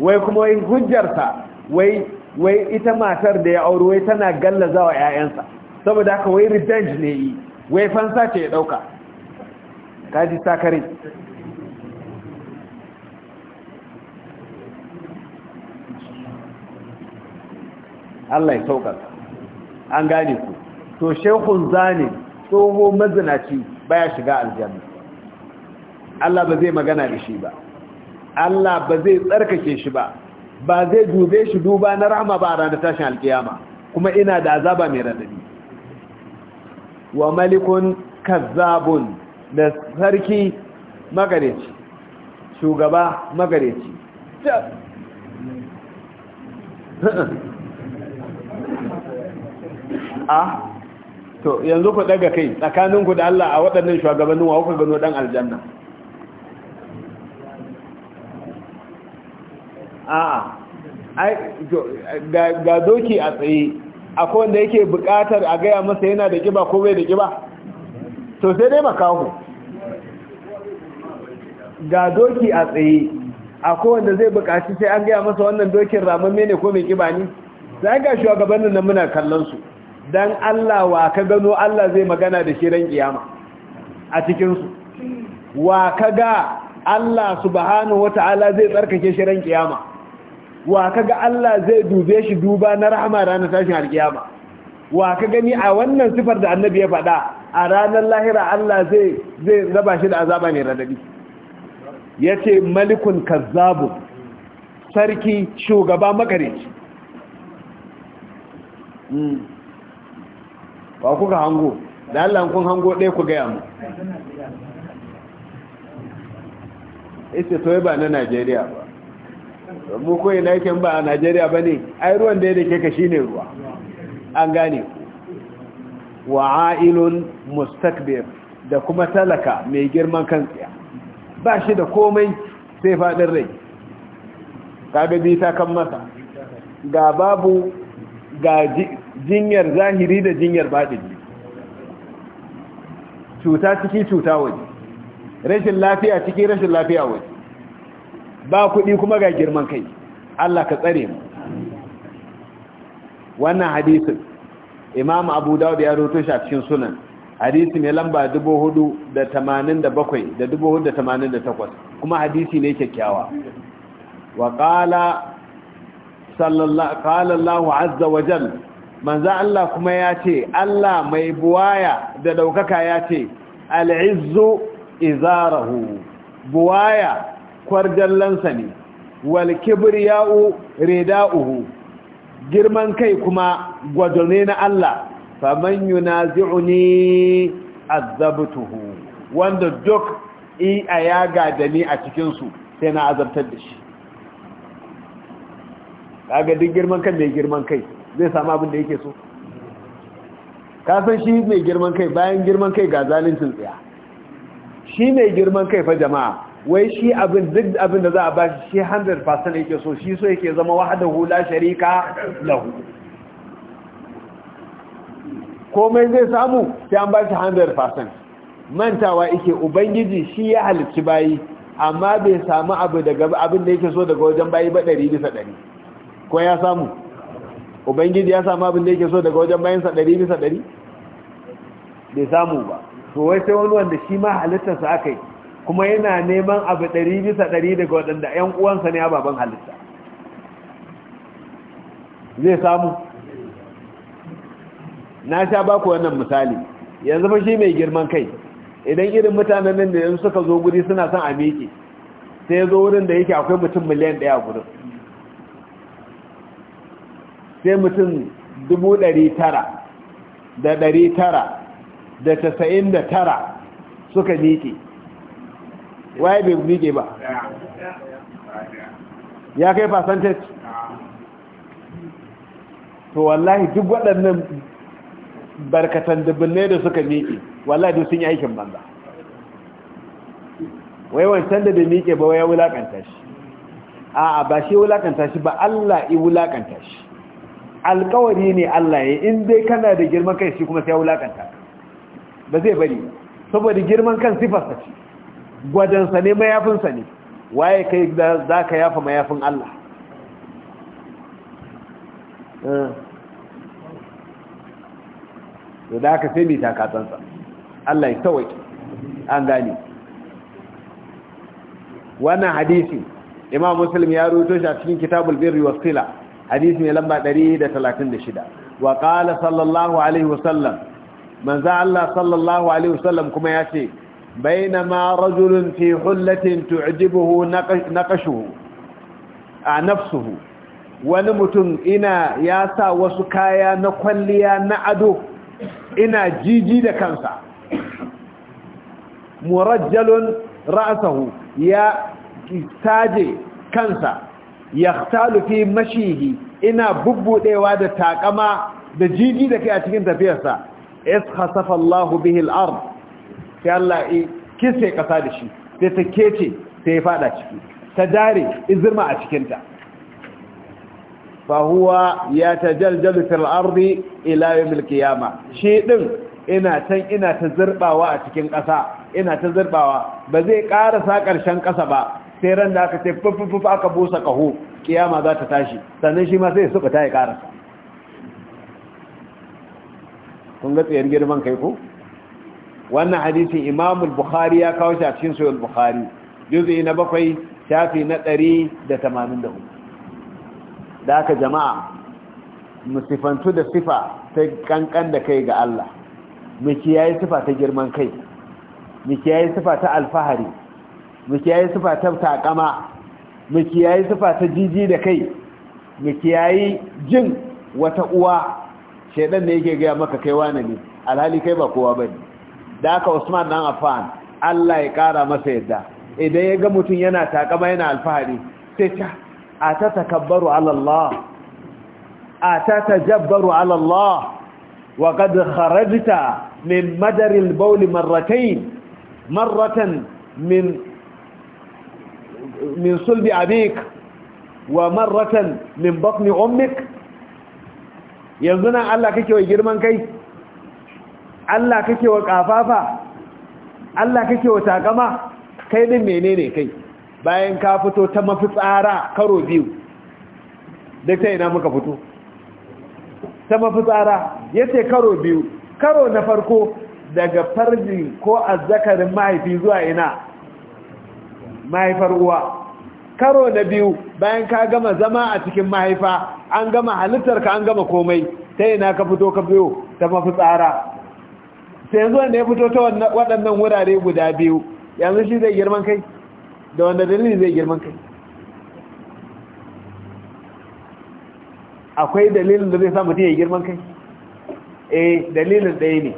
wai kuma wai hujjarsa wai wai ita matar da ya auro wai tana gallaza wa 'ya'yansa saboda haka wai revenge ne yi wai fansa ce ya ɗauka ji sakari. Allah ya saukar an gane ku to shekun zane tsoho mazinaci baya shiga aljanna Allah ba zai magana da shi ba Allah ba zai tsarkake shi ba ba zai dube shi duba na rahama ba ranar tashin alkiyama kuma ina da azaba mai radadi wa malikun kazzabun da sarki magareci shugaba magareci a to yanzu ku daga kai tsakaninku da Allah a waɗannan shugabannin wa kuka gano dan aljanna a'a ga doki a tsaye akwai wanda yake bukatar a gaya masa yana da kiba ko bai da kiba to sai dai makahu ga doki a tsaye akwai wanda zai bukaci sai an gaya masa wannan dokin ramamme ne ko mai kiba ne sai ga shugabannin nan muna kallon su dan Allah wa ka gano Allah zai magana da shi ran kiyama a cikin su wa ka ga Allah subhanahu wataala zai tsarkake shi ran kiyama wa kaga Allah zai dube shi duba na rahama ranar tashin alkiyama wa ka gani a wannan sifar da annabi ya faɗa a ranar lahira Allah zai zai raba shi da azaba ne radadi yace malikun kazzabu sarki shugaba makareci hmm. wa kuka hango da Allah kun hango ɗaya ku gaya mu ita toyi ba na Najeriya ba mu ko ina yake ba a Najeriya bane ai ruwan da yake ka shine ruwa an gane wa ailun mustakbir da kuma talaka mai girman kan tsiya ba shi da komai sai fadin rai kaga bi ta kan masa ga babu ga jinyar zahiri da jinyar batini cuta ciki cuta waje rashin lafiya ciki rashin lafiya waje ba kuɗi kuma ga girman kai Allah ka tsare mu wannan hadisin imam abu dawud ya roto shi a cikin sunan hadisi mai lamba 487 da 488 kuma hadisi ne kyakkyawa wa qala sallallahu qala Allahu azza wa jalla manzo Allah kuma ya ce Allah mai buwaya da daukaka ya ce al-izzu izarahu buwaya kwarjallansa ne wal kibriya'u rida'uhu girman kai kuma gwadone na Allah faman yunazi'uni azabtuhu wanda duk i ayaga da ni a cikin su sai na azabtar da shi kaga duk girman kan mai girman kai zai samu abin da yake so ka san shi mai girman kai bayan girman kai ga zalincin tsaya shi mai girman kai fa jama'a wai shi abin duk abin da za a bashi shi 100% yake so shi so yake zama wahdahu la sharika lahu komai zai samu sai an bashi 100% mantawa yake ubangiji shi ya halicci bayi amma bai samu abu daga abin da yake so daga wajen bayi ba 100 bisa ko ya samu ubangiji ya samu abin da yake so daga wajen bayinsa 100 bisa 100 bai samu ba to wai sai wani wanda shi ma halittarsa aka yi kuma yana neman abu ɗari bisa ɗari daga waɗanda 'yan uwansa ne a baban halitta zai samu na sha baku wannan misali yanzu fa shi mai girman kai idan irin mutanen nan da yanzu suka zo guri suna son a miƙe sai ya zo wurin da yake akwai mutum miliyan ɗaya gudun sai mutum dubu ɗari tara da ɗari tara da tasa'in da tara suka miƙe waye bai miƙe ba ya kai percentage to wallahi duk waɗannan barkatan dubbinai da suka miƙe wallahi duk sun yi aikin banza wai wancan da bai miƙe ba ya wulaƙanta shi a'a ba shi wulaƙanta shi ba Allah i wulaƙanta shi alƙawari ne Allah ya in dai kana da girman kai shi kuma sai ya wulaƙanta ba zai bari saboda girman kan sifarsa ce gwadansa ne mayafinsa ne waye kai da za ka yafa mayafin Allah eh. da aka sai mai takatsansa Allah ya tawai an gani wannan hadisi imam muslim ya ruto shi a cikin kitabul birri wasila hadisi mai lamba 136 wa qala sallallahu alaihi wasallam manzo Allah sallallahu alaihi wasallam kuma ya ce بينما رجل في حلة تعجبه نقشه نفسه ونمتن إنا ياسا وسكايا نقليا نعدو إنا جيجي لكنسا مرجل رأسه يا تاجي كنسا يختال في مشيه إنا ببو ديوادة تاكما da jiji da kai a cikin tafiyarsa is khasafa Allahu bihi al-ard sai Allah ya kise kasa da shi sai ta kece sai ya fada ciki ta dare izirma a cikinta fahuwa ya ta jaljalu fil ardi ila yawmil qiyama shi din ina can ina ta zurbawa a cikin ƙasa ina ta zurbawa ba zai ƙarasa karshen ƙasa ba sai ran da aka ce fufufufu aka busa ƙaho kiyama za ta tashi sannan shi ma sai suka ta ya ƙarasa kun ga tsayar girman kai ko wannan hadisin imam al-bukhari ya kawo shi a cikin sahih al-bukhari juz'i na bakwai shafi na 184 da haka jama'a musifantu da sifa ta kankan da kai ga Allah miki yayi sifa ta girman kai miki yayi sifa ta alfahari miki yayi sifa ta takama miki yayi sifa ta jiji da kai miki yayi jin wata uwa shedan ne yake ga maka kai wane ne alhali kai ba kowa bane da aka Usman dan Affan Allah ya kara masa yadda idan ya ga mutum yana takama yana alfahari sai ta a ta takabbaru ala Allah a ta ala Allah wa qad kharajta min madari al-bawl marratayn marratan min min sulbi abik wa marratan min batni ummik yanzu nan Allah kake wai girman kai Allah kake wa kafafa Allah kake wa takama kai din menene kai bayan ka fito ta mafitsara karo biyu duk ta ina muka fito ta mafitsara yace karo biyu karo na farko daga farji ko azzakarin mahaifi zuwa ina mahaifar uwa karo na biyu bayan ka gama zama a cikin mahaifa an gama halittar ka an gama komai ta ina ka fito ka biyo ta mafi tsara sai yanzu wanda ya fito ta waɗannan wurare guda biyu yanzu shi zai girman kai da wanda dalili zai girman kai akwai dalilin da zai sa mutum ya girman kai eh dalilin ɗaya ne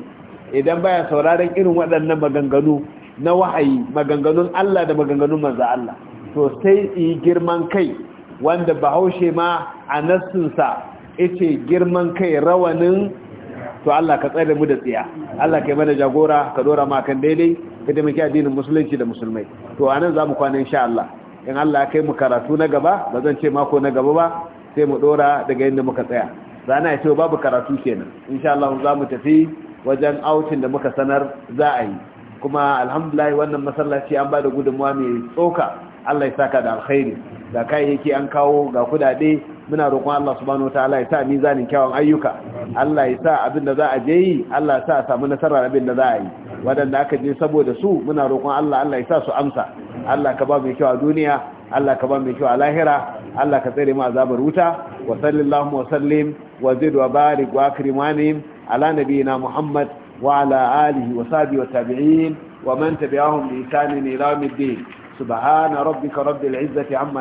idan baya sauraron irin waɗannan maganganu na wahayi maganganun Allah da maganganun manzo Allah to sai yi girman kai wanda bahaushe ma a nassinsa ita girman kai rawanin to Allah ka tsare mu da tsiya Allah kai mana jagora ka dora ma kan daidai ka muke addinin musulunci da musulmai to anan za mu kwana insha Allah in Allah ya kai mu karatu na gaba ba zan ce mako na gaba ba sai mu dora daga inda muka tsaya rana ya ce babu karatu kenan insha Allah za mu tafi wajen autin da muka sanar za a yi kuma alhamdulillah wannan masallaci an ba da gudunmuwa mai tsoka Allah ya saka da alkhairi kai kayayyaki an kawo ga kudade muna roƙon Allah subhanahu wataala ya sa mizanin kyawun ayyuka Allah ya sa abin da za a je yi Allah ya sa a samu nasarar abin da za a yi waɗanda aka je saboda su muna roƙon Allah Allah ya sa su amsa Allah ka ba mu kyau a duniya Allah ka ba mu kyau a lahira Allah ka tsare mu azabar wuta wa sallallahu wa sallim wa zid wa barik wa akrimani ala nabiyina Muhammad wa ala alihi wa sahbihi wa tabi'in wa man tabi'ahum bi ihsan ila yawm الدين سبحان ربك رب amma عما